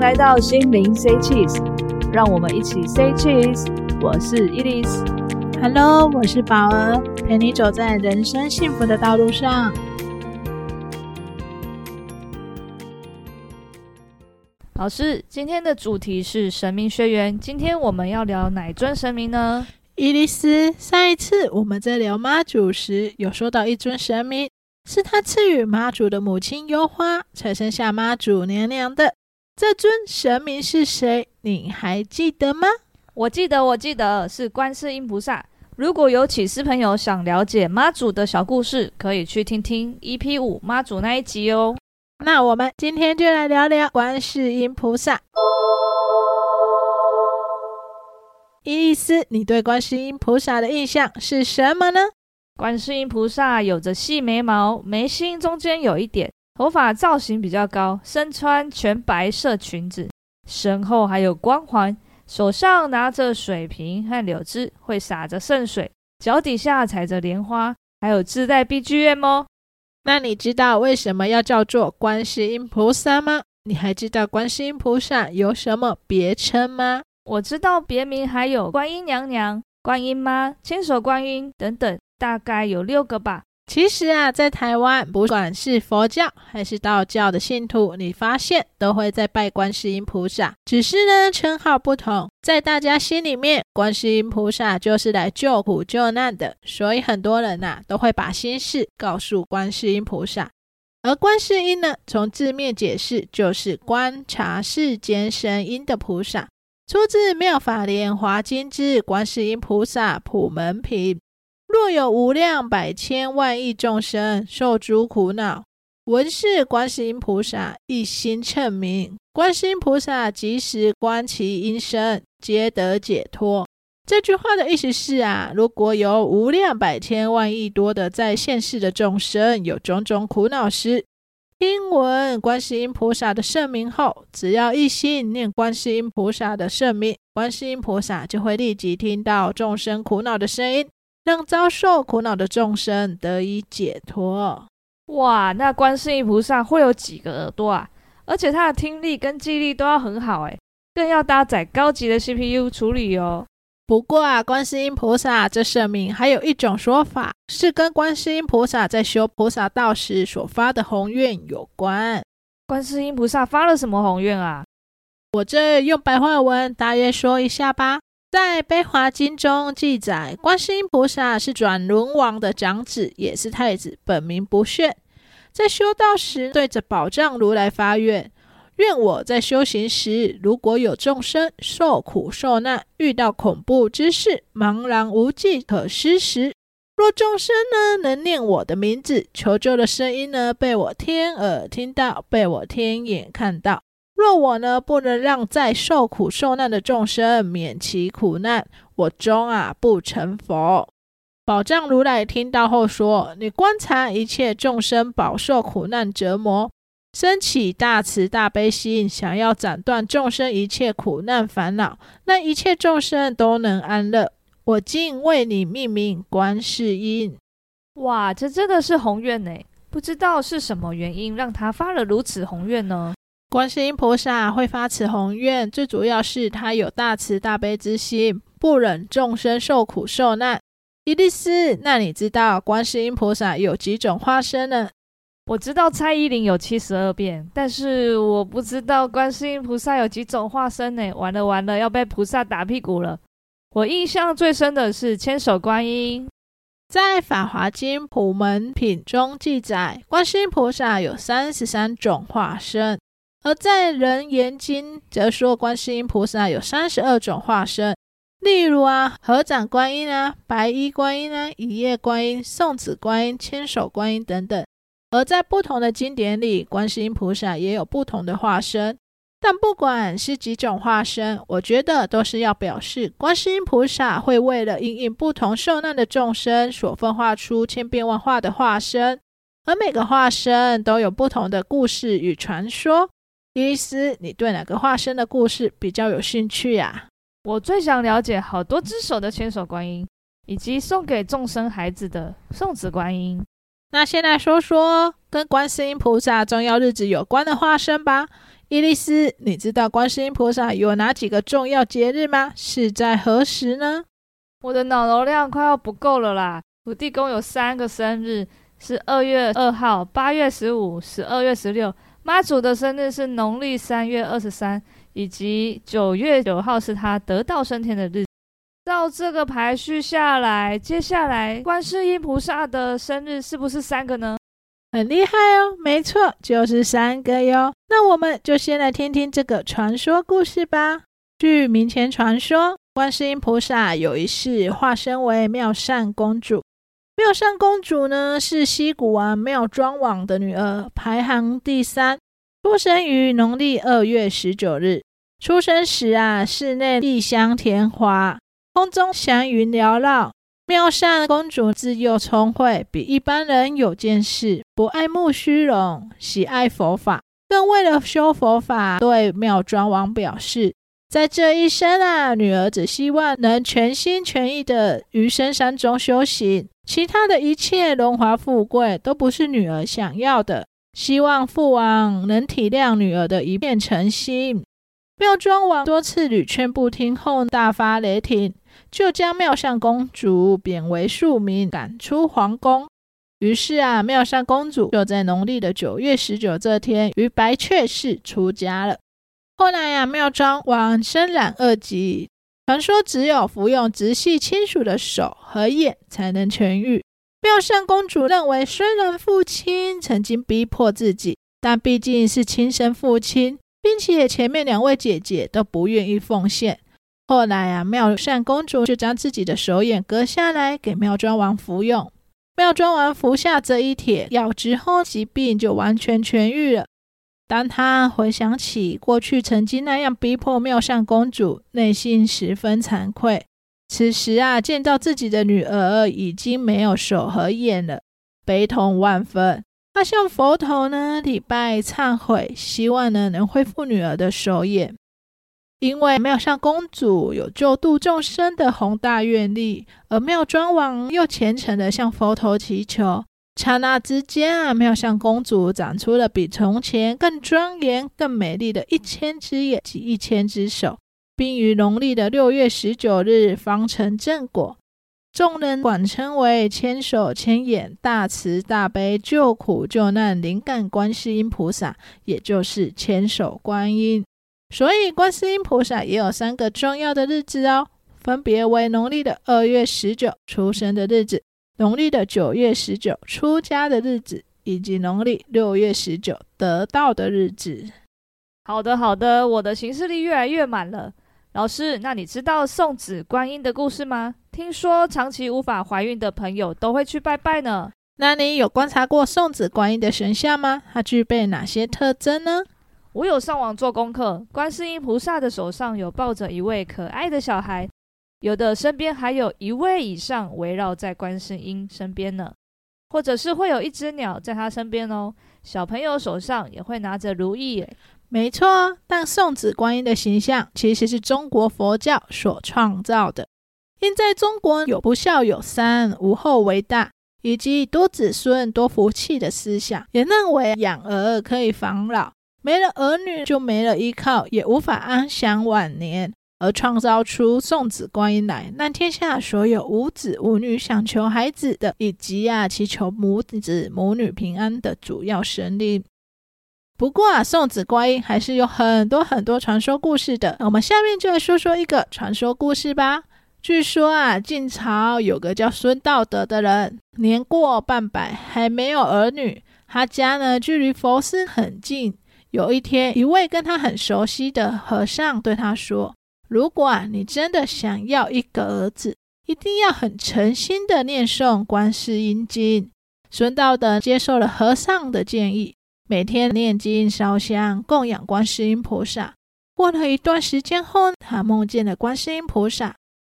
來到心靈，say cheese，讓我們一起 say cheese。我是伊莉絲，Hello，我是寶兒，陪你走在人生幸福的道路上。老師，今天的主題是神明學園，今天我們要聊哪尊神明呢？伊莉絲，上一次我們在聊媽祖時，有說到一尊神明，是他賜予媽祖的母親幽花，才生下媽祖娘娘的。這尊神明是誰？你還記得嗎？我記得，我記得是觀世音菩薩。如果有起司朋友想了解媽祖的小故事，可以去聽聽 EP 五媽祖那一集哦。那我們今天就來聊聊觀世音菩薩。伊莉絲，你對觀世音菩薩的印象是什麼呢？觀世音菩薩有着細眉毛，眉心中間有一點。頭髮造型比較高，身穿全白色裙子，身後還有光環，手上拿着水瓶和柳枝，會灑着聖水，腳底下踩着蓮花，還有自帶 BGM 哦。那你知道為什麼要叫做觀世音菩薩嗎？你還知道觀世音菩薩有什麼別稱嗎？我知道別名還有觀音娘娘、觀音媽、千手觀音等等，大概有六個吧。其實啊，在台灣，不管是佛教還是道教的信徒，你發現都會在拜觀世音菩薩，只是呢，稱號不同。在大家心裡面，觀世音菩薩就是來救苦救難的，所以很多人吶、啊、都會把心事告訴觀世音菩薩。而觀世音呢，從字面解釋就是觀察世間聲音的菩薩，出自《妙法蓮華經》之《觀世音菩薩普門品》。若有無量百千萬億眾生受諸苦惱，聞是觀世音菩薩一心稱名，觀世音菩薩即時觀其音聲，皆得解脫。這句話的意思是啊，如果有無量百千萬億多的在現世的眾生有種種苦惱時，聽聞觀世音菩薩的聖名後，只要一心念觀世音菩薩的聖名，觀世音菩薩就會立即聽到眾生苦惱的聲音。讓遭受苦惱的眾生得以解脫。哇，那觀世音菩薩會有幾個耳朵啊？而且他的聽力跟記憶力都要很好誒，更要搭載高級的 CPU 處理哦。不過啊，觀世音菩薩這聖名還有一種說法，是跟觀世音菩薩在修菩薩道時所發的宏願有關。觀世音菩薩發了什麼宏願啊？我這用白話文大約說一下吧。在《悲華經》中記載，觀世音菩薩是轉輪王的長子，也是太子，本名不炫。在修道時，對着寶藏如來發願：願我在修行時，如果有眾生受苦受難，遇到恐怖之事，茫然無計可施時，若眾生呢能念我的名字，求救的聲音呢被我天耳聽到，被我天眼看到。若我呢不能讓在受苦受難的眾生免其苦難，我終啊不成佛。寶藏如來聽到後說：“你觀察一切眾生飽受苦難折磨，升起大慈大悲心，想要斬斷眾生一切苦難煩惱，那一切眾生都能安樂。我今為你命名觀世音。”哇，這真的是宏願哎！不知道是什麼原因讓他發了如此宏願呢？觀世音菩薩會發此宏願，最主要是她有大慈大悲之心，不忍眾生受苦受難。伊莉絲，那你知道觀世音菩薩有幾種化身呢？我知道蔡依林有七十二變，但是我不知道觀世音菩薩有幾種化身呢？完了完了，要被菩薩打屁股了！我印象最深的是千手觀音，在《法華經普門品》中記載，觀世音菩薩有三十三種化身。而在《人言經》則說，觀世音菩薩有三十二種化身，例如啊，合掌觀音啊，白衣觀音啊，一葉觀音、送子觀音、千手觀音等等。而在不同的經典裡，觀世音菩薩也有不同的化身。但不管是幾種化身，我覺得都是要表示觀世音菩薩會為了因應不同受難的眾生，所分化出千變萬化的化身，而每個化身都有不同的故事與傳說。伊莉絲，你對哪個化身的故事比較有興趣呀、啊？我最想了解好多只手的千手觀音，以及送給眾生孩子的送子觀音。那先來說說跟觀世音菩薩重要日子有關的化身吧。伊莉絲，你知道觀世音菩薩有哪幾個重要節日嗎？是在何時呢？我的腦容量快要不夠了啦！土地公有三個生日，是二月二號、八月十五、十二月十六。媽祖的生日是農曆三月二十三，以及九月九號是她得道升天的日子。照這個排序下來，接下來觀世音菩薩的生日是不是三個呢？很厲害哦，沒錯，就是三個喲。那我們就先來聽聽這個傳說故事吧。據民間傳說，觀世音菩薩有一世化身為妙善公主。妙善公主呢，是西谷王妙莊王的女兒，排行第三，出生於農曆二月十九日。出生時啊，室內異香天華，空中祥雲繚繞。妙善公主自幼聰慧，比一般人有見識，不愛慕虛榮，喜愛佛法。更為了修佛法，對妙莊王表示。在這一生啊，女兒只希望能全心全意的於深山中修行，其他的一切榮華富貴都不是女兒想要的。希望父王能體諒女兒的一片誠心。妙莊王多次屢勸不聽後，大發雷霆，就將妙善公主貶為庶民，趕出皇宮。於是啊，妙善公主就在農曆的九月十九這天，於白雀寺出家了。後來呀、啊，妙莊王身染惡疾，傳說只有服用直系親屬的手和眼才能痊癒。妙善公主認為，雖然父親曾經逼迫自己，但畢竟是親生父親，並且前面兩位姐姐都不願意奉獻。後來呀、啊，妙善公主就將自己的手眼割下來給妙莊王服用。妙莊王服下這一帖藥之後，疾病就完全痊癒了。當他回想起過去曾經那樣逼迫妙善公主，內心十分慚愧。此時啊，見到自己的女兒已經沒有手和眼了，悲痛萬分。他、啊、向佛陀呢禮拜懺悔，希望呢能恢復女兒的手眼。因為妙善公主有救度眾生的宏大願力，而妙莊王又虔誠地向佛陀祈求。剎那之間啊，妙善公主長出了比從前更莊嚴、更美麗的一千隻眼及一千隻手，並於農曆的六月十九日方成正果。眾人管稱為“千手千眼大慈大悲救苦救難靈感觀世音菩薩”，也就是千手觀音。所以，觀世音菩薩也有三個重要的日子哦，分別為農曆的二月十九出生的日子。農曆的九月十九出家，的日子，以及農曆六月十九得道的日子。好的，好的，我的行事曆越來越滿了。老師，那你知道送子觀音的故事嗎？聽說長期無法懷孕的朋友都會去拜拜呢。那你有觀察過送子觀音的神像嗎？它具備哪些特徵呢？我有上網做功課，觀世音菩薩的手上有抱着一位可愛的小孩。有的身邊還有一位以上圍繞在觀世音身邊呢，或者是會有一只鳥在他身邊哦。小朋友手上也會拿着如意。沒錯，但送子觀音的形象其實是中國佛教所創造的。因在中國有不孝有三，無後為大，以及多子孫多福氣的思想，也認為養兒可以防老，沒了兒女就沒了依靠，也無法安享晚年。而創造出送子觀音來，讓天下所有無子無女想求孩子的，以及啊祈求母子母女平安的主要神靈。不過啊，送子觀音還是有很多很多傳說故事的。我們下面就來說說一個傳說故事吧。據說啊，晉朝有個叫孫道德的人，年過半百還沒有兒女，他家呢距離佛寺很近。有一天，一位跟他很熟悉的和尚對他說。如果你真的想要一個兒子，一定要很誠心的念誦《觀世音經》。孫道德接受了和尚的建議，每天念經燒香，供養觀世音菩薩。過了一段時間後，他夢見了觀世音菩薩。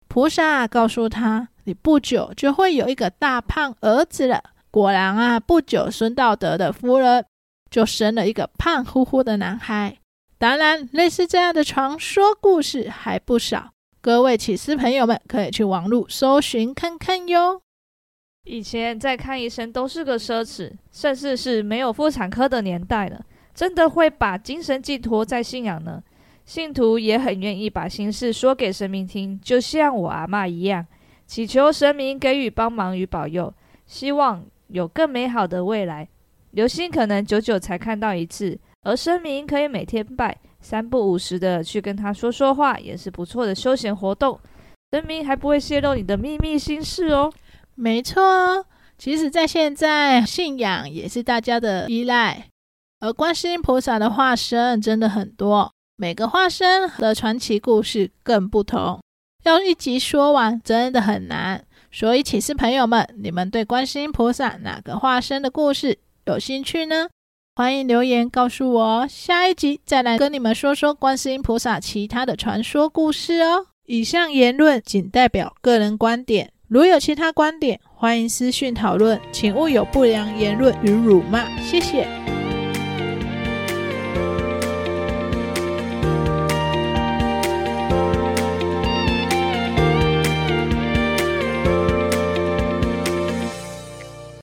菩薩告訴他：“你不久就會有一個大胖兒子了。”果然啊，不久孫道德的夫人就生了一個胖乎乎的男孩。當然，類似這樣的傳說故事還不少。各位起司朋友們可以去網絡搜尋看看喲。以前在看醫生都是個奢侈，甚至是沒有婦產科的年代了，真的會把精神寄托在信仰呢。信徒也很願意把心事說給神明聽，就像我阿嬤一樣，祈求神明給予幫忙與保佑，希望有更美好的未來。流星可能久久才看到一次。而神明可以每天拜，三不五時的去跟他說說話，也是不錯的休閒活動。神明還不會泄露你的秘密心事哦。沒錯，其實，在現在信仰也是大家的依賴。而觀世音菩薩的化身真的很多，每個化身的傳奇故事更不同，要一集說完真的很難。所以，起司朋友們，你們對觀世音菩薩哪個化身的故事有興趣呢？歡迎留言告訴我哦，下一集再來跟你們說說觀世音菩薩其他的傳說故事哦。以上言論僅代表個人觀點，如有其他觀點，歡迎私訊討論，請勿有不良言論與辱罵。謝謝。